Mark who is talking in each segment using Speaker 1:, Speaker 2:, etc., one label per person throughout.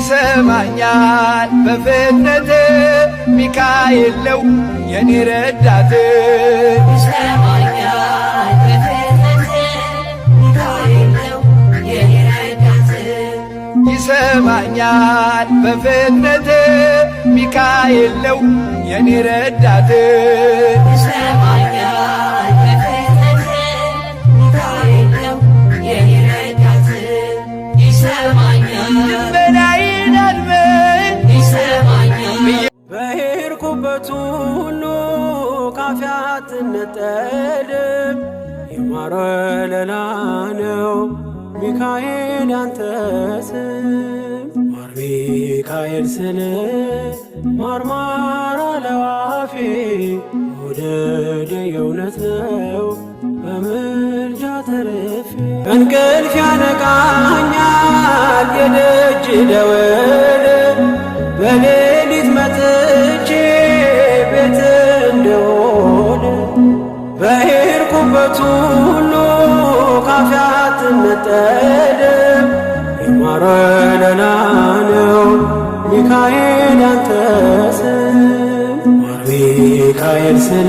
Speaker 1: ይሰማኛል በፍጥነት ሚካኤል ነው የኔ ረዳት
Speaker 2: ይሰማኛል
Speaker 1: በፍጥነት ሚካኤል ነው የኔ ረዳት በገባበት ሁሉ ካፌ አትነጠልም። የማረ ለላ ነው ሚካኤል ያንተ ስም ማር ሚካኤል ስል ማርማራ ማር አለው አፌ መውደድ የእውነት ነው በምልጃ ተርፌ እንቅልፍ ያነቃኛል የደጅ ደው በሄድኩበት ሁሉ ካፌ አትነጠልም። የማረን ሚካኤል ያንተ ስም ማር ሚካኤል ስል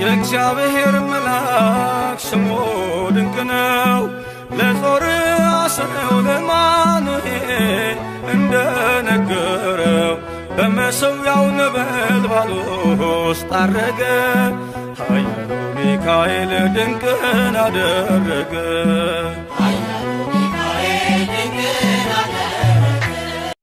Speaker 1: የእግዚአብሔር መልአክ ስሙ ድንቅ ነው። ለጾር አስሬው ለማኑኤል እንደነገረው በመሠዊያው ነበልባል ውስጥ አረገ። ኃያሉ ሚካኤል ድንቅን አደረገ።